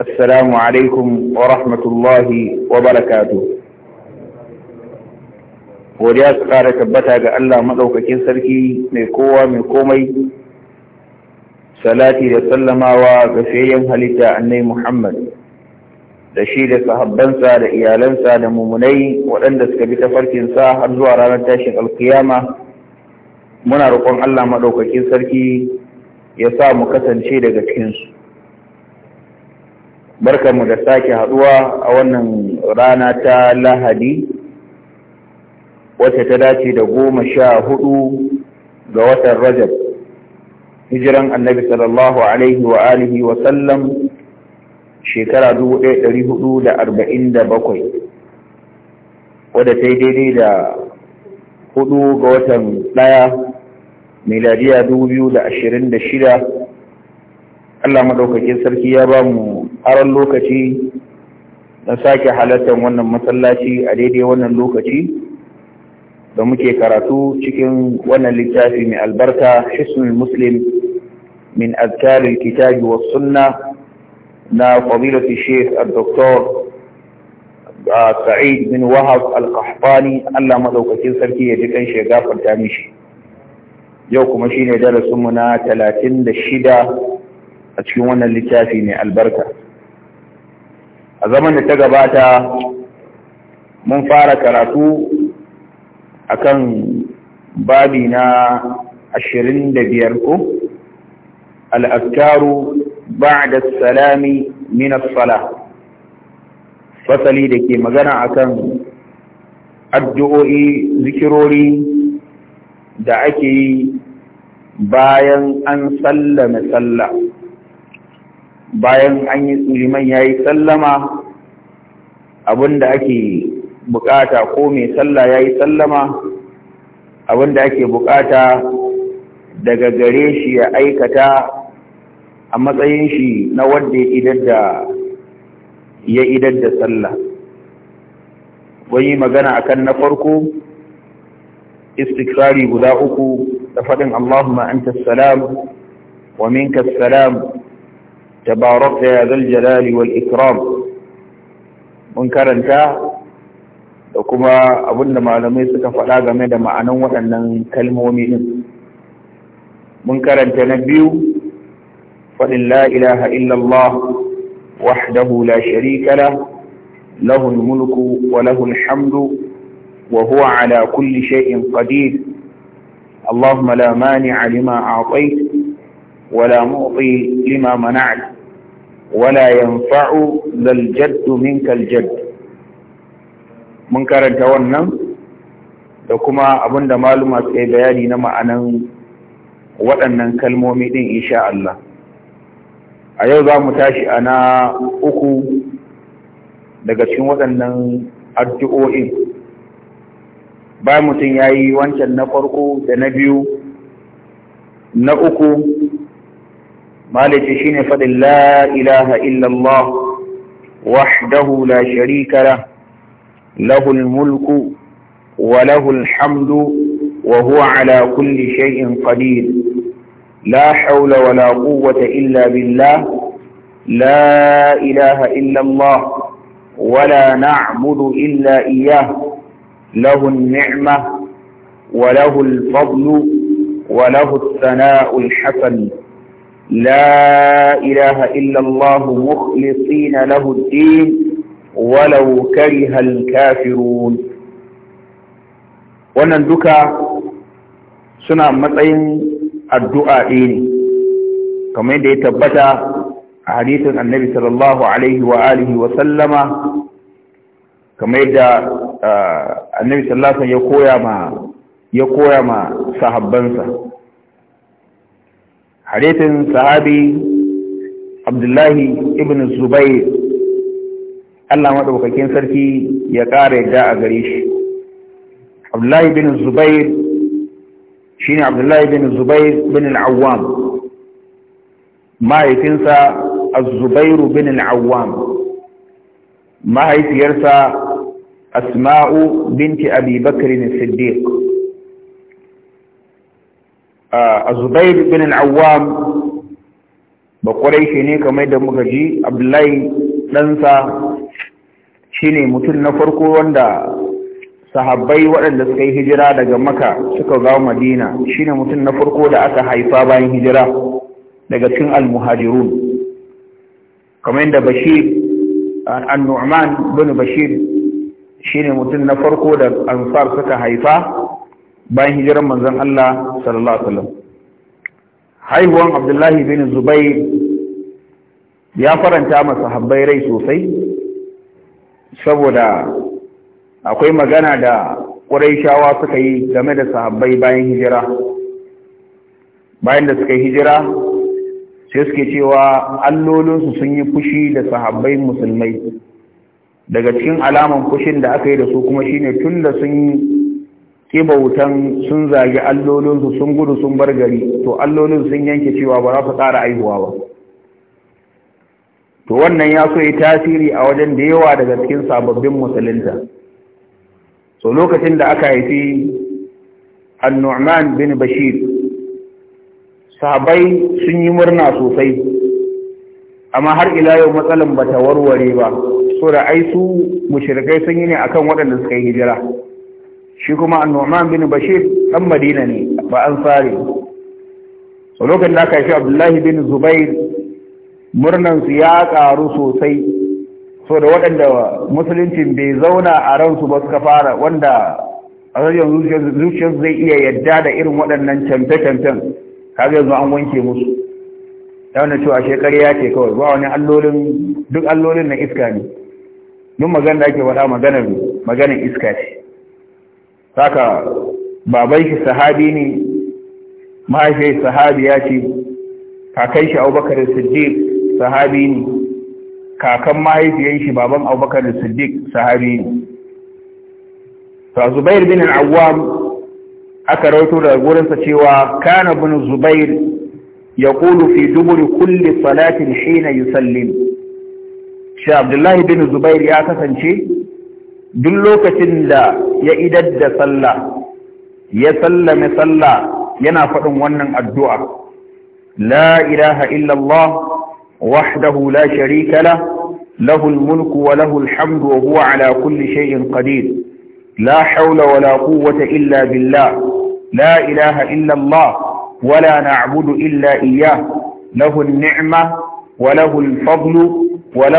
السلام alaikum wa rahmatullahi wa barakatu. godiya su ƙara tabbata ga Allah maɗaukakin sarki mai kowa mai komai salati da sallamawa ga fiyayyen halitta annai Muhammad da shi da sahabbansa da iyalansa da mumunai waɗanda suka bi tafarkinsa har zuwa ranar tashin alkiyama muna roƙon Allah maɗaukakin sarki ya sa mu kasance daga cikinsu barkanmu da sake haduwa a wannan rana ta lahadi wacce ta dace da goma sha hudu ga watan rajab hijiran annabi sallallahu alaihi wa alihi wa sallam shekara 1447 wadda ta yi daidai da hudu ga watan daya miladiya 2026 Allah maɗaukakin sarki ya ba mu aron lokaci na sake halartar wannan masallaci a daidai wannan lokaci da muke karatu cikin wannan littafi mai albarka hisnul muslim min azkar alkitab wa sunna na fadilati sheikh al-doktor sa'id bin wahab al-qahtani Allah madaukakin sarki ya ji kan shi gafarta mishi yau kuma shine darasinmu na 36 a cikin wannan littafi mai albarka a zaman da ta gabata mun fara karatu akan babi na ashirin da biyar ko al'aftaru ba'da salami min as fasali da ke magana akan addu'o'i zikirori da ake yi bayan an sallame sallah bayan an yi liman ya yi sallama abinda ake bukata ko mai sallah ya yi sallama abinda ake bukata daga gare shi ya aikata a matsayin shi na wanda ya idar da sallah wani magana akan na farko istikrari guda uku da faɗin Allahumma anta salam wa minka salam تباركت يا ذا الجلال والإكرام منكر انت وكما أبونا معلمي سكفلا غمدا معنا وأن نكلم ومئن منكر انت نبيو فإن لا إله إلا الله وحده لا شريك له له الملك وله الحمد وهو على كل شيء قدير اللهم لا مانع لما أعطيت ولا مؤطي لما منعت wala yanfa'u lal jaddu minkal jadd mun karanta wannan da kuma abinda maluma sai bayani na ma'anan waɗannan kalmomi din insha Allah a yau za mu tashi ana uku daga cikin waɗannan addu'o'in bayan mutum ya yi wancan na farko da na biyu na uku مالك شين فضل لا إله إلا الله وحده لا شريك له له الملك وله الحمد وهو على كل شيء قدير لا حول ولا قوة إلا بالله لا إله إلا الله ولا نعبد إلا إياه له النعمة وله الفضل وله الثناء الحسن لا إله إلا الله مخلصين له الدين ولو كره الكافرون wannan duka suna matsayin addu'a ne kamar yadda ya tabbata a hadisin annabi sallallahu alaihi wa alihi wa sallama kamar yadda ah, annabi sallallahu ya ya koya ma sahabbansa hadithin sahabi abdullahi ibn zubair Allah maɗaukakin sarki ya ƙara yadda a gare shi abdullahi bin zubair shi ne abdullahi bin zubair bin al'awwam mahaifinsa a zubairu bin al'awwam mahaifiyarsa asma'u binti abi bakrin siddiq azubair bin Al-Awwam, ba ƙwarai ne kamar da muka ji abdullahi ɗansa shine mutum na farko wanda sahabbai waɗanda suka yi hijira daga Makka suka zawo madina shine mutum na farko da aka haifa bayan hijira daga cikin almuhajirun kamar da bashir annu'man bin bashir shine mutum na farko da ansar suka haifa bayan hijirar manzon Allah sallallahu alaihi wasallam haihuwan Abdullahi bin Zubair ya faranta masa habbai rai sosai saboda akwai magana da shawa suka yi game da sahabbai bayan hijira bayan da suka yi hijira sai suke cewa allolinsu sun yi fushi da sahabbai musulmai daga cikin alaman fushin da aka yi da su kuma shine tun da sun kibautan bautan sun zagi allolinsu sun gudu sun bar gari to allolin sun yanke cewa ba za su ƙara aihuwa ba to wannan ya so yi tasiri a wajen da yawa daga cikin sababbin musulunta so lokacin da aka haifi annu'man bin bashir sahabai sun yi murna sosai amma har ila yau matsalan ba ta warware ba so da ai su mushrikai sun yi ne akan waɗanda suka yi hijira shi kuma annoman bin bashir ɗan madina ne ba ansari so lokacin da aka shi abdullahi bin zubair murnan su ya karu sosai so da waɗanda musuluncin bai zauna a ransu ba suka fara wanda a zuciyar zai iya yadda da irin waɗannan canfe-canfen. kaga yanzu an wanke musu ta wanda cewa shekari ya ce kawai ba wani allolin duk allolin na iska ne duk magana da ake wada maganar maganar iska ce saka baban shi sahabi ne mahaifiyar ya ce kakai shi abubakar siddiq sahabi ne kakan mahaifiyar shi baban abubakar siddiq sahabi ne ta zubair bin al'awwam aka rauto da gurinsa cewa kana bin zubair ya kulu fi duburi kulle salatin shi na yusallim shi abdullahi bin zubair ya kasance duk lokacin da ya idar da sallah ya sallame sallah yana faɗin wannan addu'a la ilaha illallah wahdahu la sharika la lahul mulku wa lahul hamdu wa huwa ala kulli shay'in qadir la hawla wa la quwwata illa billah la ilaha illallah wa la na'budu illa iyyah lahun nima wa lahu fadlu wa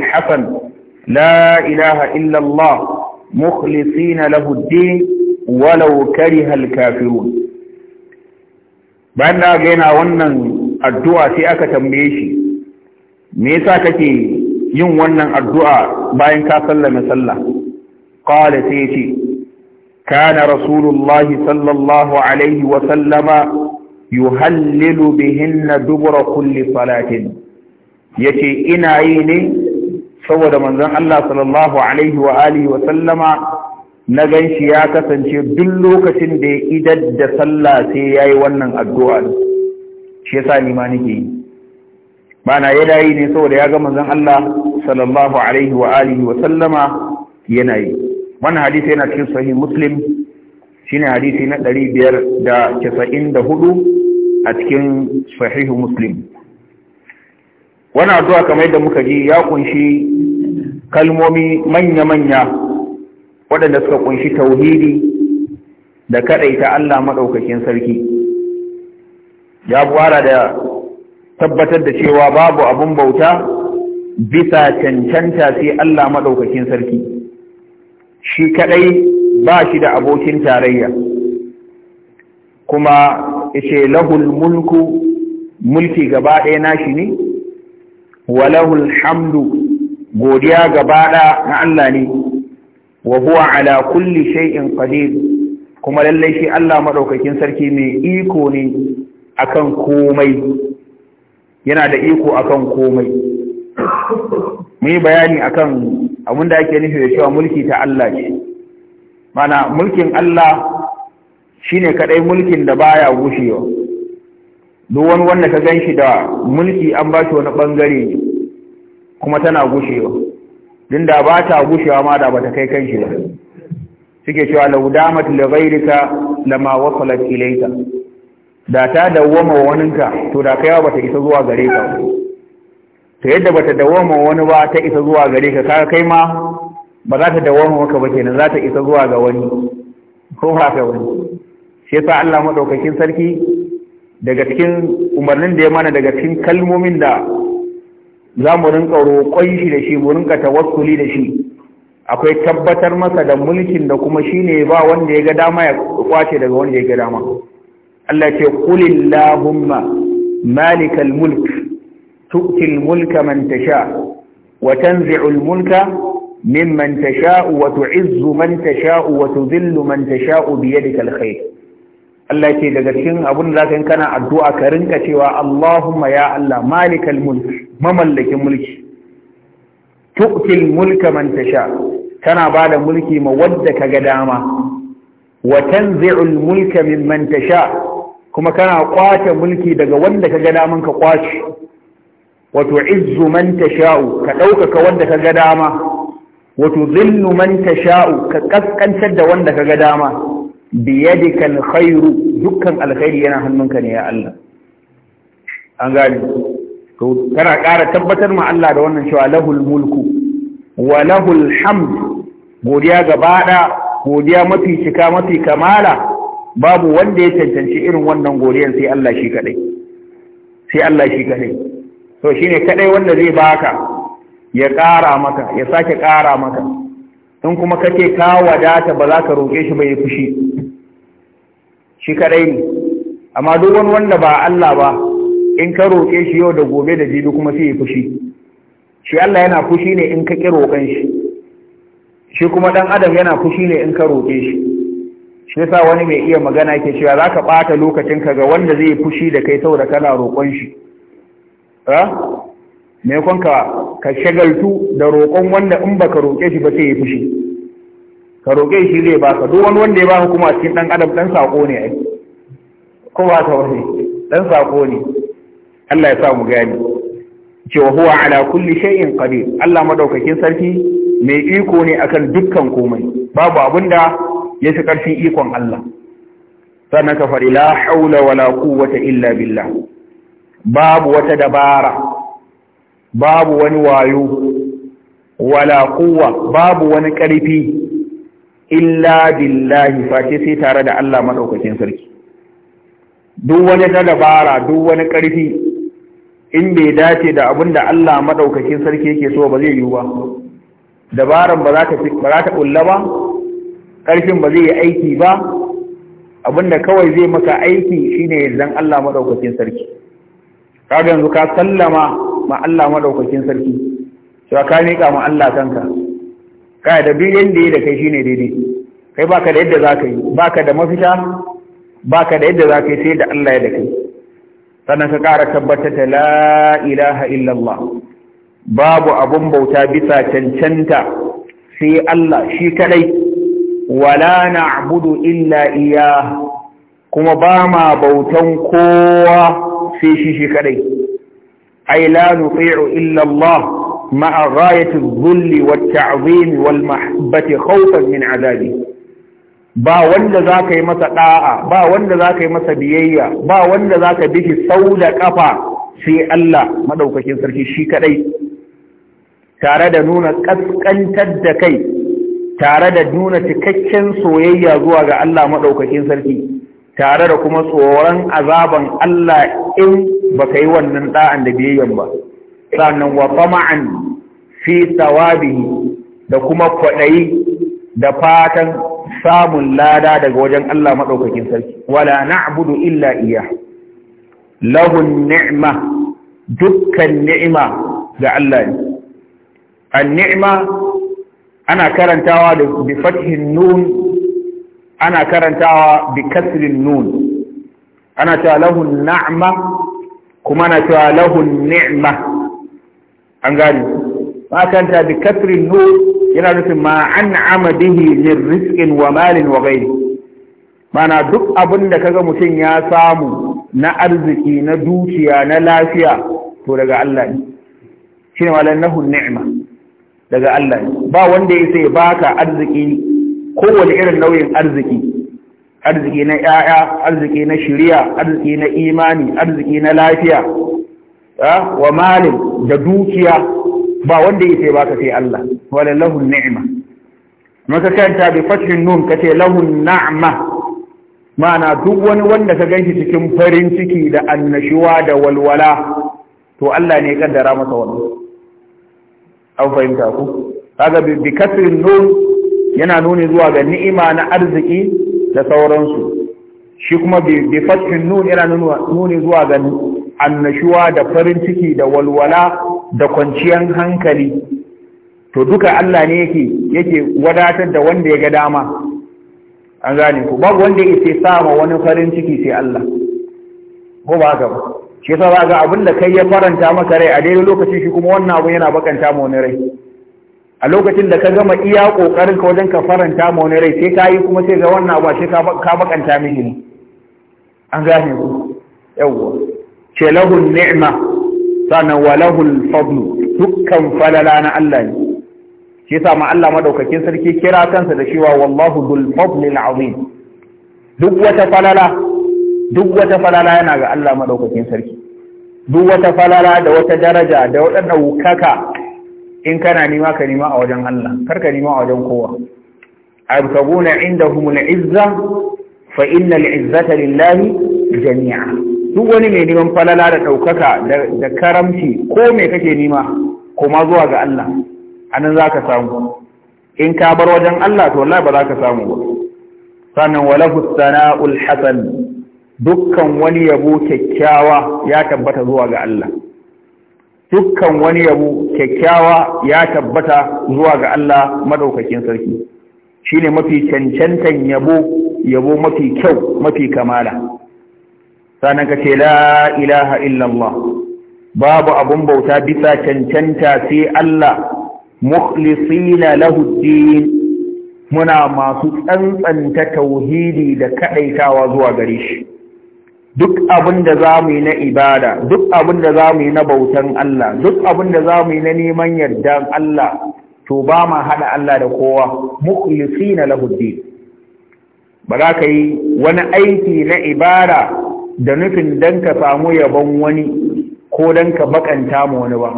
hasan لا إله إلا الله مخلصين له الدين ولو كره الكافرون بأن أجينا ونن الدعاء سيأك تنبيشي ميسا كتي yin wannan addu'a bayan ka sallame sallah qala sai ce kana rasulullahi sallallahu alaihi wa sallama yuhallilu bihinna dubura kulli salatin yace ina yi ne saboda manzon Allah sallallahu alaihi wa alihi wa sallama na ganshi ya kasance duk lokacin da ya idar da sallah sai yayi wannan addu'a shi yasa ni ma nake yi bana yana yi ne saboda ya ga manzon Allah sallallahu alaihi wa alihi wa sallama yana yi wannan hadisi yana cikin sahih muslim shine hadisi na 594 a cikin sahih muslim wannan addu'a kamar yadda muka ji ya kunshi kalmomi manya-manya waɗanda suka ƙunshi tauhidi da kaɗai ta Allah maɗaukakin sarki ya buwara da tabbatar da cewa babu abun bauta bisa cancanta sai Allah maɗaukakin sarki shi kaɗai ba shi da abokin tarayya kuma ishe lahul mulku mulki gaba ɗaya nashi ne wa lahul hamdu godiya gaba na Allah ne wa huwa ala kulli shay'in qadir kuma lallai shi Allah maɗaukakin sarki mai iko ne akan komai yana da iko akan komai mu yi bayani akan abin da ake nufi da cewa mulki ta Allah ce mana mulkin Allah shine kadai mulkin da baya gushewa duk wani wanda ka ganshi da mulki an ba shi wani bangare kuma tana gushewa din da ba ta gushewa ma da ba ta kai kan shi ba suke cewa laudamat li ghayrika lama wasalat ilayka da ta dawoma waninka to da kai ba ta isa zuwa gare ka to yadda bata dawoma wani ba ta isa zuwa gare ka kaga kai ma ba za ta dawoma maka ba kenan za ta isa zuwa ga wani ko haka wani shi yasa Allah madaukakin sarki daga cikin umarnin da ya mana daga cikin kalmomin da za mu rinka roƙon shi da shi mu rinka tawakkuli da shi akwai tabbatar masa da mulkin da kuma shine ba wanda ya ga dama ya kwace daga wanda ya ga dama Allah ce kulillahumma malikal mulk tu'til mulka man tasha wa tanzi'ul mulka mimman tasha wa tu'izzu man tasha wa tudhillu man tasha bi yadikal khair Allah ce daga cikin abin da ka yi kana addu'a ka rinka cewa Allahumma ya Allah malikal mulk mamallakin mulki tukil mulka man tasha kana bada mulki ma wadda ga dama wa tanzi'ul mulka mimman tasha kuma kana kwace mulki daga wanda ga daman ka kwace wa tu'izzu man tasha'u ka ɗaukaka wanda ga dama wa tudhillu man tasha'u ka kaskantar da wanda ka ga dama biyadika khairu dukkan alkhairi yana hannunka ne ya Allah an gani to tana ƙara tabbatar ma Allah da wannan cewa lahul mulku wa lahul hamd godiya gaba da godiya mafi cika mafi kamala babu wanda ya cancanci irin wannan godiyan sai Allah shi kadai sai Allah shi kadai to shine kadai wanda zai baka ya ƙara maka ya sake ƙara maka in kuma kake ka wadata ba za ka roƙe shi ba ya fushi shi kadai ne amma duk wani wanda ba Allah ba in ka roƙe shi yau da gobe da jibi kuma sai ya fushi shi Allah yana fushi ne in ka ƙi roƙon shi shi kuma ɗan adam yana fushi ne in ka roƙe shi shi yasa wani mai iya magana yake cewa za ka ɓata ka ga wanda zai fushi da kai saboda kana roƙon shi maimakon ka shagaltu da roƙon wanda in baka roƙe shi ba sai ya fushi ka roƙe shi zai baka duk wani wanda ya ba kuma a cikin ɗan adam ɗan saƙo ne ai ko ba ta wani ɗan saƙo ne Allah ya sa mu gani cewa huwa ala kulli shay'in qadir Allah madaukakin sarki mai iko ne akan dukkan komai babu abinda ya fi ƙarfin ikon Allah sannan ka fari la haula wala quwwata illa billah babu wata dabara babu wani wayo wala quwwa babu wani ƙarfi illa billahi face sai tare da Allah madaukakin sarki duk wani dabara duk wani ƙarfi in bai dace da abin da Allah madaukakin sarki yake so ba zai yiwu ba dabaran ba za ta ba ba ƙarfin ba zai yi aiki ba abinda kawai zai maka aiki shine dan Allah madaukakin sarki kaga yanzu ka sallama ma Allah madaukakin sarki cewa ka miƙa ma Allah kanka kai da duk da ya da kai shine daidai kai baka da yadda ka yi baka da mafita baka da yadda zaka yi sai da Allah ya da kai sannan ka ƙara tabbatar da la ilaha illallah babu abun bauta bisa cancanta sai Allah shi kadai wala na'budu illa iya kuma ba ma bautan kowa sai shi shi kadai ai la nuti'u illa Allah مع غاية الذل والتعظيم والمحبة خوفا من عذابه ba wanda za ka masa ɗa'a ba wanda za ka masa biyayya ba wanda za ka bi shi sau da ƙafa sai Allah maɗaukakin sarki shi kaɗai tare da nuna ƙasƙantar da kai tare da nuna cikakken soyayya zuwa ga Allah maɗaukakin sarki tare da kuma tsoron azaban Allah in ba ka yi wannan ɗa'an da biyayyan ba. sannan wa tama'an fi thawabihi da kuma kwaɗayi da fatan samun lada daga wajen Allah maɗaukakin sarki wala na'budu illa iya lahun ni'ma dukkan ni'ima ga Allah ne an ni'ima ana karantawa da bi nun ana karantawa bi kasrin nun ana cewa lahun na'ma kuma na cewa lahun ni'ma an gane ma ta bi kasrin nu yana nufin ma an amadihi min rizqin wa malin wa ghairi mana duk abin da kaga mutum ya samu na arziki na dukiya na lafiya to daga Allah ne shine walannahu ni'ma daga Allah ne ba wanda ya sai baka arziki kowane irin nauyin arziki arziki na 'ya'ya, arziki na shiriya arziki na imani arziki na lafiya wa malin da dukiya ba wanda yake baka sai Allah wala lahu ni'ma maka kanta bi nun kace lahu na'ma ma'ana duk wani wanda ka ganshi cikin farin ciki da annashuwa da walwala to Allah ne kaddara masa wannan an fahimta ku kaga bi kasrin nun yana nuni zuwa ga ni'ima na arziki da sauransu shi kuma bai fashin nuni yana nuni zuwa ga annashuwa da farin ciki da walwala da kwanciyar hankali to duka Allah ne yake yake wadatar da wanda ya ga dama an gane ku babu wanda yake sama wani farin ciki sai Allah ko ba haka ba shi yasa za ga abin da kai ya faranta maka rai a daidai lokacin shi kuma wannan abu yana bakanta ma wani rai a lokacin da ka gama iya kokarin ka wajen ka faranta ma wani rai sai ka yi kuma sai ga wannan abu sai ka bakanta mishi ne an gane ku yawwa ce lahun ni'ma sannan wa lahul fadlu dukkan falala na Allah ne shi yasa ma Allah madaukakin sarki kira kansa da cewa wallahu dul fadlil azim duk wata falala duk wata falala yana ga Allah madaukakin sarki duk wata falala da wata daraja da waɗanda wukaka in kana nima ka nima a wajen Allah kar ka nima a wajen kowa abtaguna indahum al-izza fa inna al-izzata lillahi jami'a duk wani mai neman falala da ɗaukaka da karamci ko mai kake nema kuma zuwa ga Allah anan za ka samu in ka bar wajen Allah to wallahi ba za ka samu ba sannan walahu sana'ul hasan dukkan wani yabo kyakkyawa ya tabbata zuwa ga Allah dukkan wani yabo kyakkyawa ya tabbata zuwa ga Allah madaukakin sarki shine mafi cancantan yabo yabo mafi kyau mafi kamala sannan ka ce la ilaha illallah babu abun bauta bisa cancanta sai Allah mukhlisina lahu din muna masu tsantsanta tauhidi da kaɗaitawa zuwa gare shi duk abin da za mu yi na ibada duk abin da za mu yi na bautan Allah duk abin da za mu yi na neman yardan Allah to ba ma haɗa Allah da kowa mukhlisina lahu din ba za ka yi wani aiki na ibada da nufin dan ka samu yabon wani ko dan ka bakanta mu wani ba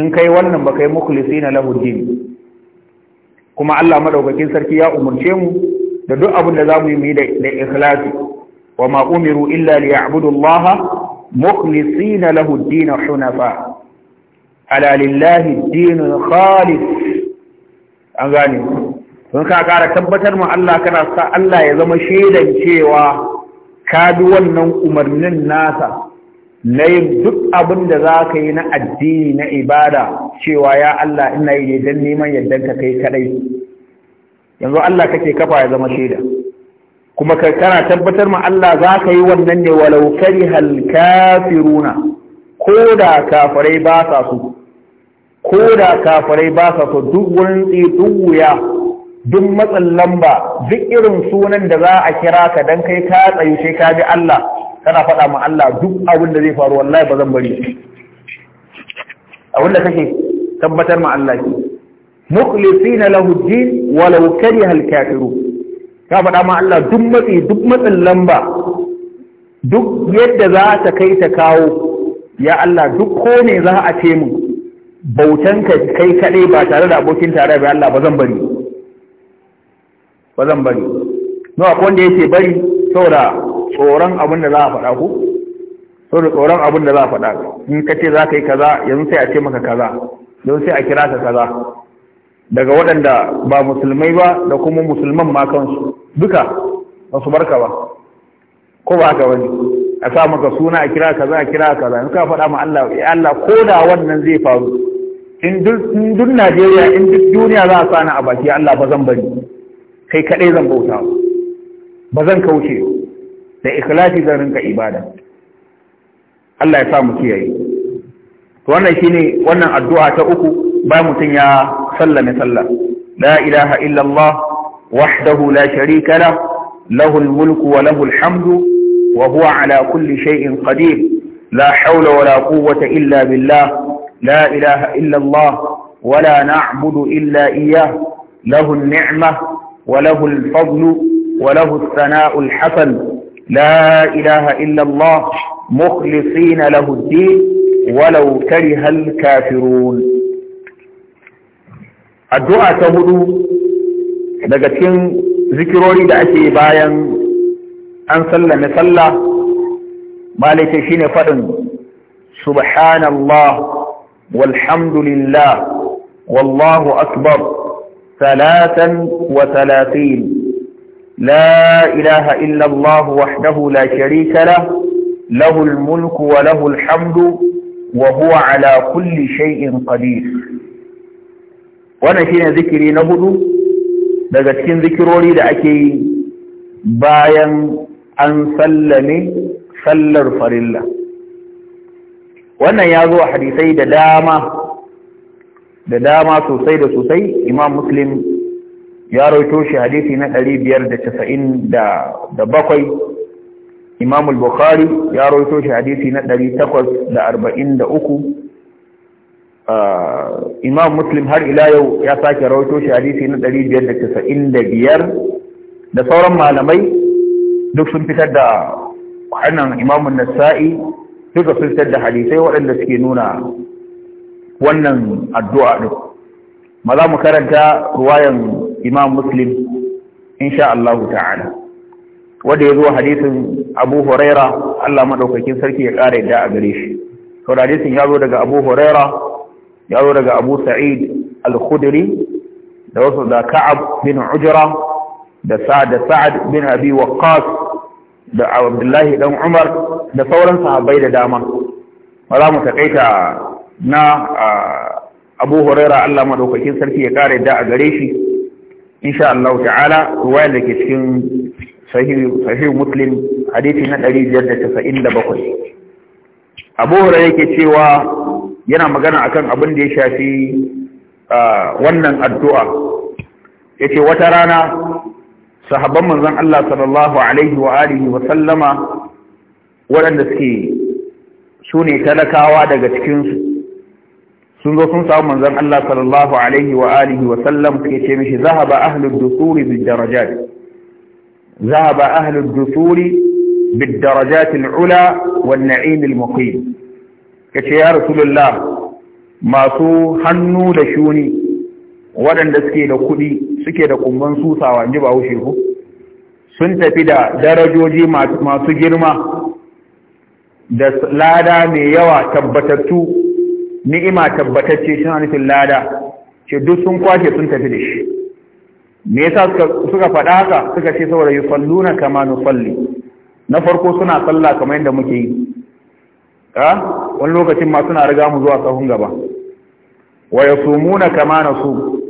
in kai wannan ba kai mukhlisina lahu din kuma Allah madaukakin sarki ya umurce mu da duk abin da zamu yi da da ikhlasi wa ma umiru illa ya'budu Allah mukhlisina lahu din hunafa ala lillahi khalis an gane don ka kara tabbatar mu Allah kana sa Allah ya zama shaidan cewa ka bi wannan umarnin nasa na yin duk abin da za ka yi na addini na ibada cewa ya Allah ina yi don neman ka kai kadai yanzu Allah kake kafa ya zama shaida kuma ka kana tabbatar ma Allah za ka yi wannan ne walau karihal kafiruna ko da kafirai ba sa so ko da kafirai ba sa so duk wurin tsi duk wuya duk matsin lamba duk irin sunan da za a kira ka dan kai ka tsayu sai ka bi Allah kana faɗa ma Allah duk abin da zai faru wallahi ba zan bari abin da kake tabbatar ma Allah ki mukhlisina lahu din walau kariha al-kafiru ka faɗa ma Allah duk matsi duk matsin lamba duk yadda za ta kai ta kawo ya Allah duk ko ne za a ce mu bautanka kai kaɗai ba tare da abokin tare ba Allah ba zan bari ba zan bari no akwai wanda yake bari saboda tsoron abin da za a faɗa ku saboda tsoron abin da za a faɗa in ka ce za ka yi kaza yanzu sai a ce maka kaza don sai a kira ka kaza daga waɗanda ba musulmai ba da kuma musulman ma kansu duka ba su barka ba ko ba haka bari? a sa maka suna a kira kaza a kira kaza in ka faɗa ma Allah ya Allah ko da wannan zai faru in duk Najeriya in duk duniya za a sani a baki Allah ba zan bari kai kaɗai zan bauta ba zan kauce da ikhlasi zan rinka ibada Allah ya sa mu kiyaye to wannan shine wannan addu'a ta uku ba mutum ya sallame sallah la ilaha illallah wahdahu la sharika lah lahul mulku wa lahul hamdu wa ala kulli shay'in qadir la hawla wa la illa billah la ilaha illallah wa na'budu illa وله الفضل وله الثناء الحسن لا إله إلا الله مخلصين له الدين ولو كره الكافرون الدعاء تهدو daga cikin zikirori da ake bayan an sallame sallah malaita shine faɗin subhanallah walhamdulillah wallahu akbar ثلاثا وثلاثين لا إله إلا الله وحده لا شريك له له الملك وله الحمد وهو على كل شيء قدير wannan shine zikiri na hudu daga cikin zikirori da ake yi bayan an sallame sallar farilla wannan ya zo a hadisai da dama da dama sosai da sosai imam muslim ya roito shi hadisi na 597 imam al-bukhari ya roito shi hadisi na 843 ah, imam muslim har ila yau ya sake rawaito shi hadisi na 595 da sauran malamai duk sun fitar da wannan imam an-nasa'i duka sun fitar da hadisai waɗanda suke nuna wannan addu'a ɗin ma za mu karanta ruwayan imam muslim insha Allah ta'ala wanda ya zo hadisin abu huraira Allah maɗaukakin sarki ya ƙara yadda a gare shi sau da hadisin ya zo daga abu huraira ya zo daga abu sa'id al da wasu da ka'ab bin ujra da sa'ad da sa'ad bin abi waqqas da abdullahi dan umar da sauran sahabbai da dama ba za mu taƙaita na abu huraira Allah madaukakin sarki ya kare da a gare shi insha Allah ta'ala ruwaya da ke cikin sahih muslim hadisi na 597 abu huraira yake cewa yana magana akan abin da ya shafi wannan addu'a yace wata rana sahabban manzon Allah sallallahu alaihi wa alihi wa sallama waɗanda suke su ne talakawa daga cikin. sun zo sun samu manzon Allah sallallahu alaihi wa alihi wa sallam ke ce mishi zahaba ahlud dusuri bil darajat zahaba ahlud dusuri bil darajat al ula wan na'im al muqim kace ya rasulullah masu hannu da shuni waɗanda suke da kuɗi suke da kumban susawa ji ba wuce ku sun tafi da darajoji masu girma da lada mai yawa tabbatattu ni'ima tabbatacce tana nufin lada ce duk sun kwashe sun tafi da shi me yasa suka faɗa haka suka ce saboda yusalluna kama nusalli na farko suna sallah kamar yadda muke yi A? wani lokacin ma suna riga mu zuwa sahun gaba wa yasumuna kama nasu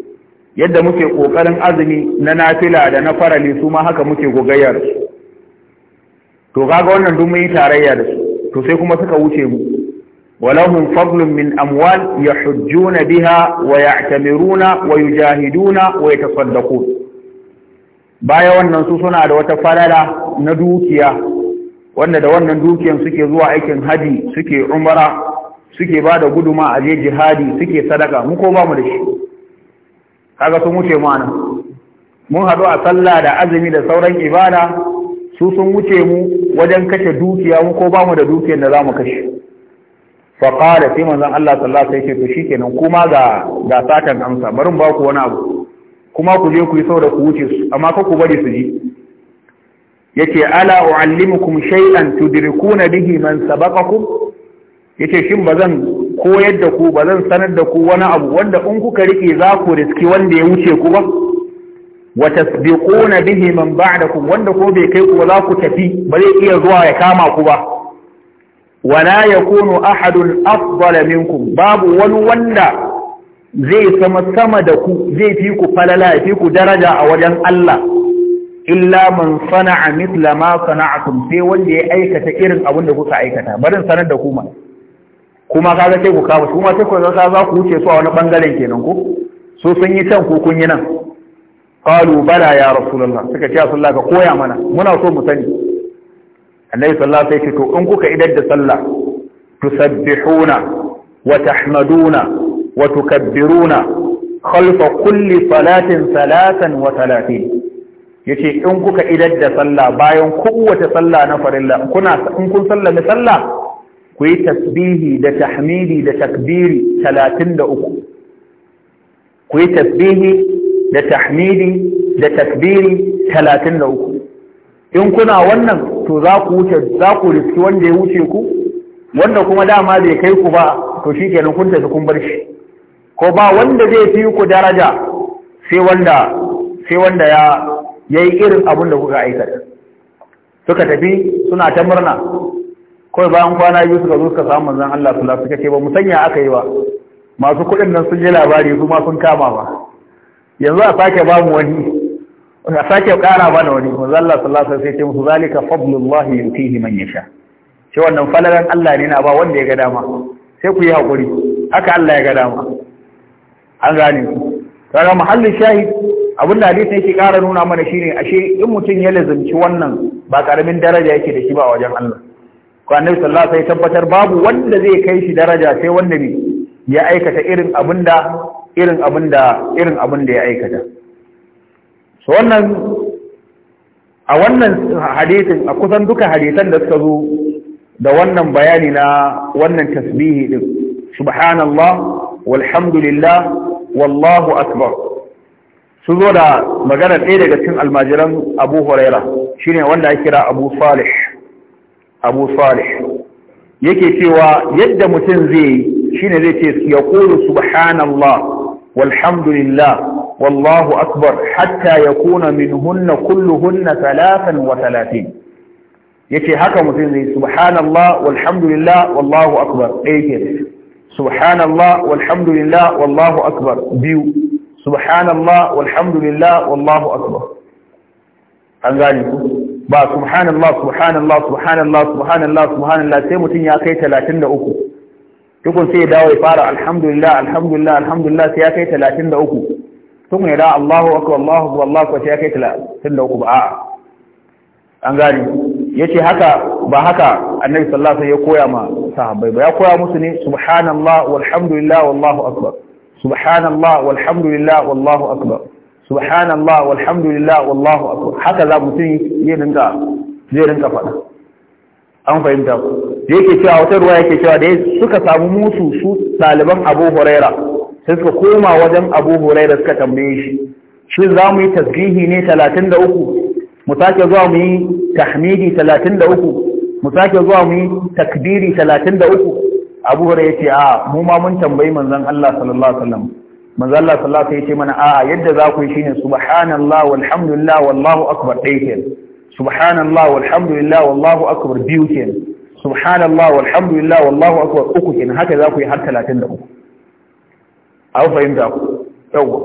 yadda muke kokarin azumi na nafila da na farali su ma haka muke gogayya da su to kaga wannan duk mun yi tarayya da su to sai kuma suka wuce mu ولهم فضل من أموال يحجون بها ويعتمرون ويجاهدون ويتصدقون baya wannan su suna da wata falala na dukiya wanda da wannan dukiyan suke zuwa aikin haji suke umara suke ba da guduma a je jihadi suke sadaka mu ko ba mu da shi kaga sun wuce mu anan mun haɗu a sallah da azumi da sauran ibada su sun wuce mu wajen kashe dukiya mu ko ba mu da dukiyan da za mu kashe fa qala sai Allah sallallahu alaihi wasallam to shikenan kuma ga ga satan amsa barin ba ku wani abu kuma ku je ku yi saboda ku wuce su amma fa ku bari su ji yace ala uallimukum shay'an tudrikuna bihi man sabaqakum yace shin bazan koyar da ku bazan sanar da ku wani abu wanda in kuka rike za ku riski wanda ya wuce ku ba wa tasbiquna bihi man ba'dakum wanda ko bai kai ku ba za ku tafi ba zai iya zuwa ya kama ku ba wala kunu ahadun afdala minkum babu wani wanda zai sama sama da ku zai fi ku falala fi ku daraja a wajen Allah illa man sana'a mithla ma sana'atum sai wanda ya aikata irin abin da kuka aikata barin sanar da ku ma kuma kaga sai ku kawo kuma sai ku ga za ku wuce su a wani bangaren kenan ko so sun yi can ku kun yi nan qalu bala ya rasulullah suka ce sallah koya mana muna so mu sani annabi sallallahu alaihi to in kuka idar da sallah tusabbihuna wa tahmaduna wa tukabbiruna khalfa kulli salatin salatan wa talatin yace in kuka idar da sallah bayan kowace sallah na farilla kuna in kun sallame sallah ku yi tasbihi da tahmidi da takbiri 33 ku yi tasbihi da tahmidi da takbiri 33 in kuna wannan to za ku wuce za ku riski wanda ya wuce ku wanda kuma dama bai kai ku ba to shi kenan kun tafi kun bar shi ko ba wanda zai fi ku daraja sai wanda sai wanda ya yayi irin abin da kuka aika suka tafi suna ta murna kawai bayan kwana biyu suka zo suka samu manzon Allah sallallahu suka ce ba mu sanya aka yi ba masu kuɗin nan sun ji labari kuma sun kama ba yanzu a sake ba mu wani A sake kara mana wani kuma zalla sallallahu alaihi wasallam sai ce musu zalika fadlullahi yutihi man yasha ce wannan falalan Allah ne na ba wanda ya ga dama sai ku yi hakuri haka Allah ya ga dama an gane ku kaga muhallin shahid abin da hadisi yake kara nuna mana shine ashe in mutum ya lazumci wannan ba karamin daraja yake da shi ba wajen Allah ko annabi sallallahu alaihi wasallam tabbatar babu wanda zai kai shi daraja sai wanda ne ya aikata irin abinda irin abinda irin abinda ya aikata so wannan a wannan hadisin a kusan duka hadisan da suka zo da wannan bayani na wannan tasbihi din subhanallah walhamdulillah wallahu akbar su zo da magana ɗaya daga cikin almajiran abu huraira shine wanda ya kira abu salih abu salih yake cewa yadda mutum zai shine zai ce ya kulu subhanallah walhamdulillah والله أكبر حتى يكون منهن كلهن ثلاثا وثلاثين يتي هكا متنزي سبحان الله والحمد لله والله أكبر ايكي سبحان الله والحمد لله والله أكبر بيو سبحان الله والحمد لله والله أكبر أنغاني ba subhanallah subhanallah subhanallah subhanallah subhanallah sai mutun ya kai 33 dukun sai ya dawo ya fara alhamdulillah alhamdulillah alhamdulillah sai ya kai 33 tun ya da Allahu akbar Allahu akbar Allahu akbar sai kai talatin da uku ba a'a an gani ce haka ba haka annabi sallasa ya koya ma sahabbai ba ya koya musu ne subhanallah walhamdulillah wallahu akbar subhanallah walhamdulillah wallahu akbar subhanallah walhamdulillah wallahu akbar haka za mutum ya dinga zai rinka faɗa an fahimta ku yake cewa wata ruwa yake cewa da suka samu musu su ɗaliban Abu Huraira sai suka koma wajen abu huraira suka tambaye shi shi za mu yi tasbihi ne talatin da uku mu sake zuwa mu yi tahmidi talatin da uku mu sake zuwa mu yi takbiri talatin da uku abu huraira ya ce a mu ma mun tambayi manzon Allah sallallahu alaihi wasallam manzon Allah sallallahu alaihi wasallam ya ce mana a yadda za ku yi shine subhanallah walhamdulillah wallahu akbar ɗaya kenan subhanallah walhamdulillah wallahu akbar biyu kenan subhanallah walhamdulillah wallahu akbar uku kenan haka za ku yi har talatin da uku an fahimta ku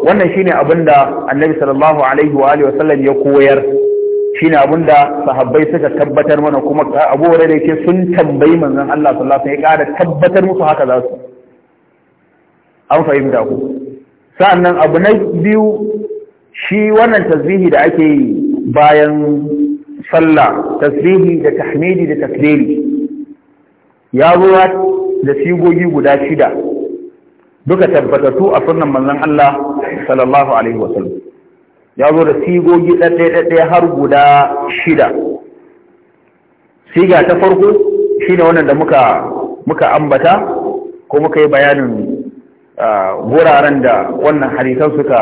wannan shine abinda annabi sallallahu alaihi wa alihi wasallam ya koyar shine abinda sahabbai suka tabbatar mana kuma Abu wanda yake sun tambayi manzon Allah sallallahu alaihi ya ƙara tabbatar musu haka za su an fahimta ku sa'annan abu na biyu shi wannan tasbihi da ake yi bayan sallah tasbihi da tahmidi da takbiri ya zo da sigogi guda shida duka tabbatattu a sunan manzon Allah sallallahu alaihi wasallam ya zo da sigogi ɗaɗɗaya har guda shida siga ta farko shine wannan da muka muka ambata ko muka yi bayanin guraren da wannan hadisan suka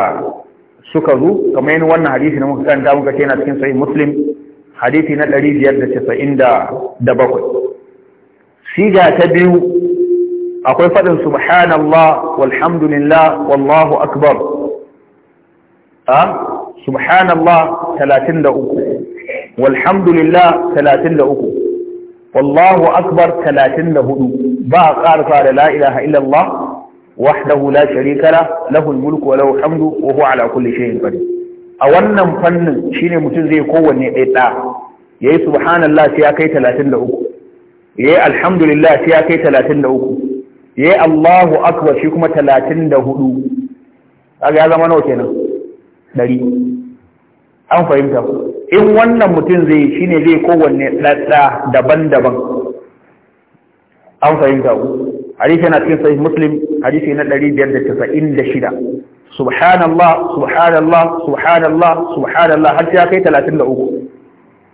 suka zo kamar yin wannan hadisi na muka kanta muka ce na cikin sahih muslim hadisi na 597 siga ta biyu akwai faɗin subhanallah walhamdulillah wallahu akbar a subhanallah talatin da uku walhamdulillah talatin da uku wallahu akbar talatin da hudu ba a ƙarfa da la'ilaha illallah wahdahu la sharika la lahul mulku wa lahul hamdu wa huwa ala kulli shay'in qadir a wannan fannin shine mutum zai kowanne ɗaya ɗa yayi subhanallah sai ya kai 33 yayi alhamdulillah sai ya kai 33 ya yi Allahu akwa shi kuma talatin da hudu kaga ya zama nawa kenan ɗari an fahimta in wannan mutum zai shi ne zai kowanne ɗaɗɗa daban-daban an fahimta ku hadisi na cikin sahih muslim hadisi na ɗari biyar da casa'in da shida subhanallah subhanallah subhanallah subhanallah har sai ya kai talatin da uku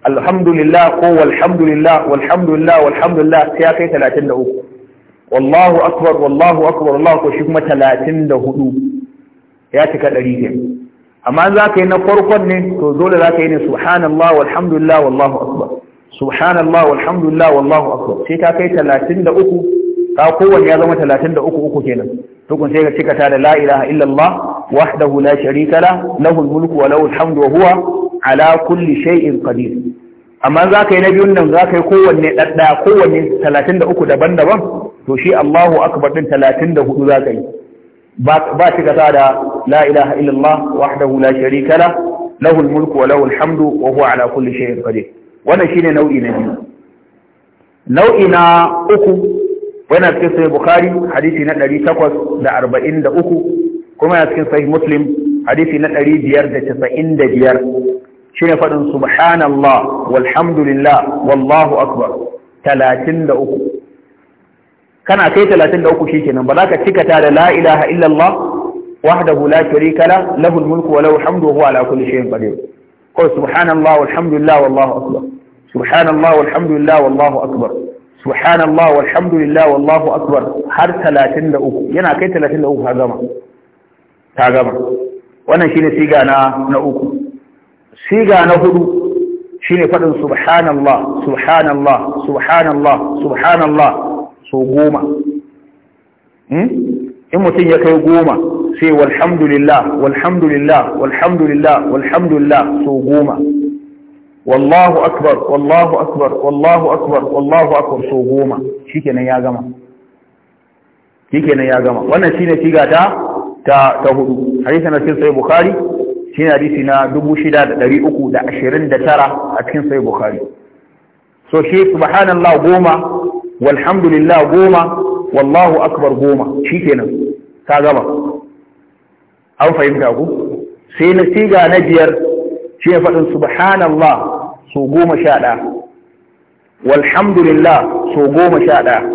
alhamdulillah ko walhamdulillah walhamdulillah walhamdulillah sai ya kai talatin da uku wallahu akbar wallahu akbar wallahu akbar shi kuma talatin da hudu ya cika ɗari ne amma za ka yi na farkon ne to dole za ka yi ne subhanallah walhamdulillah wallahu akbar subhanallah walhamdulillah wallahu akbar sai ka kai talatin da uku ka kowanne ya zama talatin da uku uku kenan tukun sai ka cika ta da la ilaha illallah wahdahu la sharika la lahul mulku wa lahul hamdu wa huwa ala kulli shay'in qadir amma za ka yi na biyun nan za ka yi kowanne ɗaɗɗa kowanne talatin da uku daban-daban to shi Allahu akbar din 34 za ka yi ba shi kasa da la ilaha illallah wahdahu la sharika la lahul mulku wa lahul hamdu wa huwa ala kulli shay'in qadir wannan shine nau'i na biyu nau'i na uku yana cikin sahih bukhari hadisi na 843 kuma yana cikin sahih muslim hadisi na 595 shine fadin subhanallah walhamdulillah wallahu akbar 33 kana kai 33 shikenan ba za ka cika ta da la ilaha illallah wahdahu la sharika la lahu almulku wa lahu alhamdu wa huwa ala kulli shay'in qadir ko subhanallah walhamdulillah wallahu akbar subhanallah walhamdulillah wallahu akbar subhanallah walhamdulillah wallahu akbar har 33 yana kai 33 ha gama ta gama wannan shine siga na na uku siga na hudu shine fadin subhanallah subhanallah subhanallah subhanallah so goma hmm? in mutum ya kai goma sai walhamdulillah walhamdulillah walhamdulillah walhamdulillah so goma wallahu akbar wallahu akbar wallahu akbar wallahu akbar so goma shikenan ya gama shikenan ya gama wannan shine siga ta ta ta hudu hadisi na cikin sai bukhari shine hadisi na 6329 a cikin sai bukhari so shi subhanallah goma walhamdulillah goma wallahu akbar goma shikenan kenan ta gaba an fahimta ku sai na siga na biyar shi ya faɗin subhanallah so goma sha ɗaya walhamdulillah so goma sha ɗaya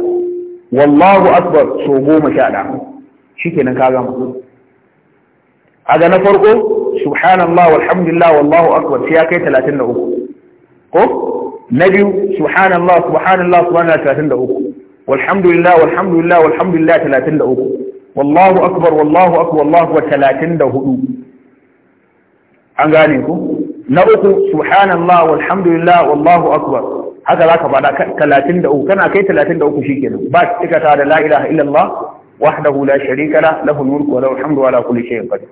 wallahu akbar so goma sha ɗaya shi ka gama aga na farko subhanallah walhamdulillah wallahu akbar sai ya kai talatin da uku ko na biyu subhanallah subhanallah subhanallah 33 walhamdulillah walhamdulillah walhamdulillah uku! wallahu akbar wallahu akbar wallahu talatin da hudu! an gane ku na uku subhanallah walhamdulillah wallahu akbar haka za zaka faɗa uku! kana kai talatin da uku 33 shikenan ba cika ta da la ilaha illallah wahdahu la sharika la lahul mulku wa lahul hamdu ala kulli shay'in qadir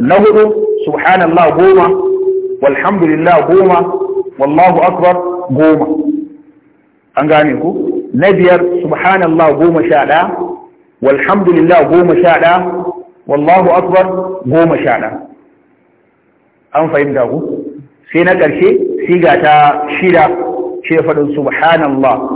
na hudu subhanallah goma walhamdulillah goma wallahu akbar goma an gane ku na biyar subhanallah goma sha ɗaya walhamdulillah goma sha ɗaya wallahu akbar goma sha ɗaya an fahimta ku sai na ƙarshe siga ta shida ce faɗin subhanallah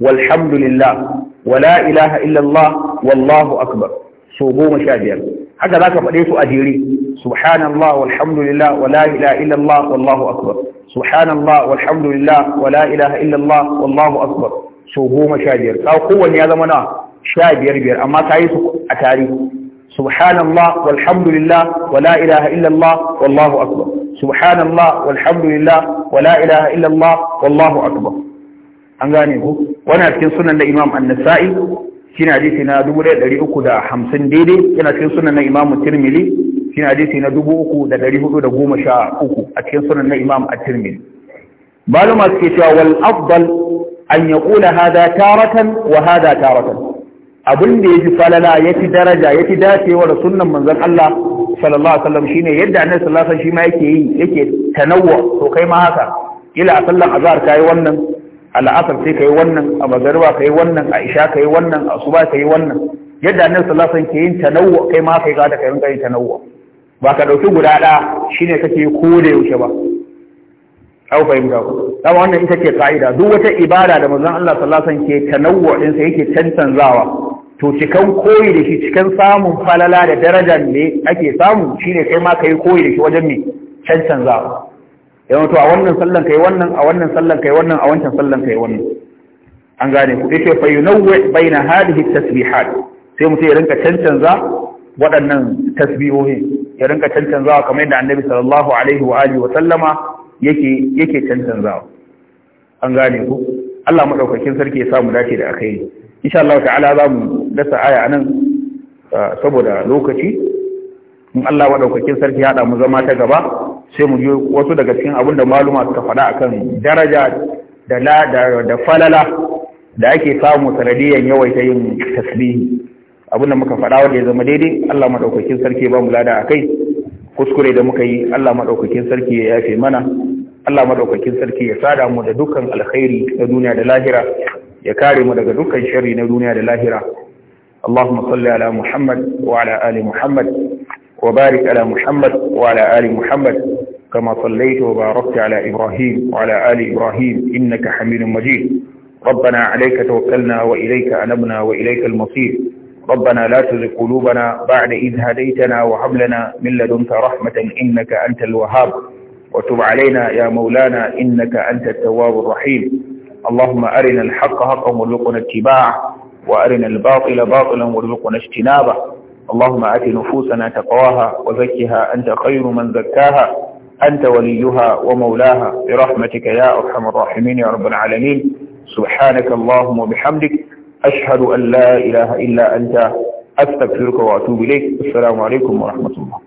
walhamdulillah wala ilaha illallah wallahu akbar so goma sha biyar haka za ka faɗe su a jere subhanallah walhamdulillah wala ilaha illallah wallahu akbar subhanallah walhamdulillah wala ilaha illallah wallahu akbar so goma sha biyar ka kowanne ya zama na sha biyar biyar amma ka yi su a tare subhanallah walhamdulillah wala ilaha illallah wallahu akbar subhanallah walhamdulillah wala ilaha illallah wallahu akbar an gane ku wannan cikin sunan da imam an-nasa'i shine hadisi na 1350 daidai yana cikin sunan na Imam Tirmidhi shine hadisi na 3413 a cikin sunan na Imam At-Tirmidhi maluma ke cewa wal afdal an yaqula hada taratan wa hada taratan abin da yafi falala yafi daraja yafi dacewa da sunnan manzon Allah sallallahu alaihi wasallam shine yadda annabi sallallahu alaihi wasallam shi ma yake yi yake tanawwa to kai ma haka ila sallan azhar kai wannan al'asar sai kai wannan a magarba kai wannan a isha kai wannan a suba kai wannan yadda annabi sallallahu alaihi wasallam ke yin tanawwu kai ma kai ga da kai rinka yin tanawwu ba ka dauki guda ɗaya shine kake ko da yaushe ba au fahimta ku dama wannan ita ce ka'ida duk wata ibada da manzon Allah sallallahu alaihi wasallam ke tanawwu din sa yake cancanzawa, to cikan koyi da shi cikan samun falala da darajar ne ake samu shine kai ma kai koyi da shi wajen me cancanzawa. ya to a wannan sallan kai wannan a wannan sallan kai wannan a wancan sallan kai wannan an gane ku yake fa yunawwi baina hadhihi tasbihat sai mutum ya rinka cancanza waɗannan tasbihohi ya rinka cancanzawa kamar yadda annabi sallallahu alaihi wa alihi wa sallama yake yake cancanzawa an gane ku Allah madaukakin sarki ya samu dace da akai insha Allah ta'ala za mu dasa aya anan ah, saboda lokaci in Allah madaukakin sarki ya hada mu zama ta gaba sai mu ji wasu daga cikin abin da maluma suka faɗa akan daraja da la da falala da ake samu sanadiyan yawaita yin tasbihi abin da muka faɗa wanda ya zama daidai Allah madaukakin sarki ba mu lada akai kuskure da muka yi Allah madaukakin sarki ya yafe mana Allah madaukakin sarki ya sada mu da dukkan alkhairi na duniya da lahira ya kare mu daga dukkan sharri na duniya da lahira اللهم صل على محمد وعلى آل محمد وبارك على محمد وعلى آل محمد كما صليت وباركت على إبراهيم وعلى آل إبراهيم إنك حميد مجيد ربنا عليك توكلنا وإليك أنبنا وإليك المصير ربنا لا تزغ قلوبنا بعد إذ هديتنا وهب لنا من لدنك رحمة إنك أنت الوهاب وتب علينا يا مولانا إنك أنت التواب الرحيم اللهم أرنا الحق حقا وارزقنا اتباعه وأرنا الباطل باطلا وارزقنا اجتنابه اللهم آت نفوسنا تقواها وزكها أنت خير من زكاها أنت وليها ومولاها برحمتك يا أرحم الراحمين يا رب العالمين سبحانك اللهم وبحمدك أشهد أن لا إله إلا أنت أستغفرك وأتوب إليك السلام عليكم ورحمة الله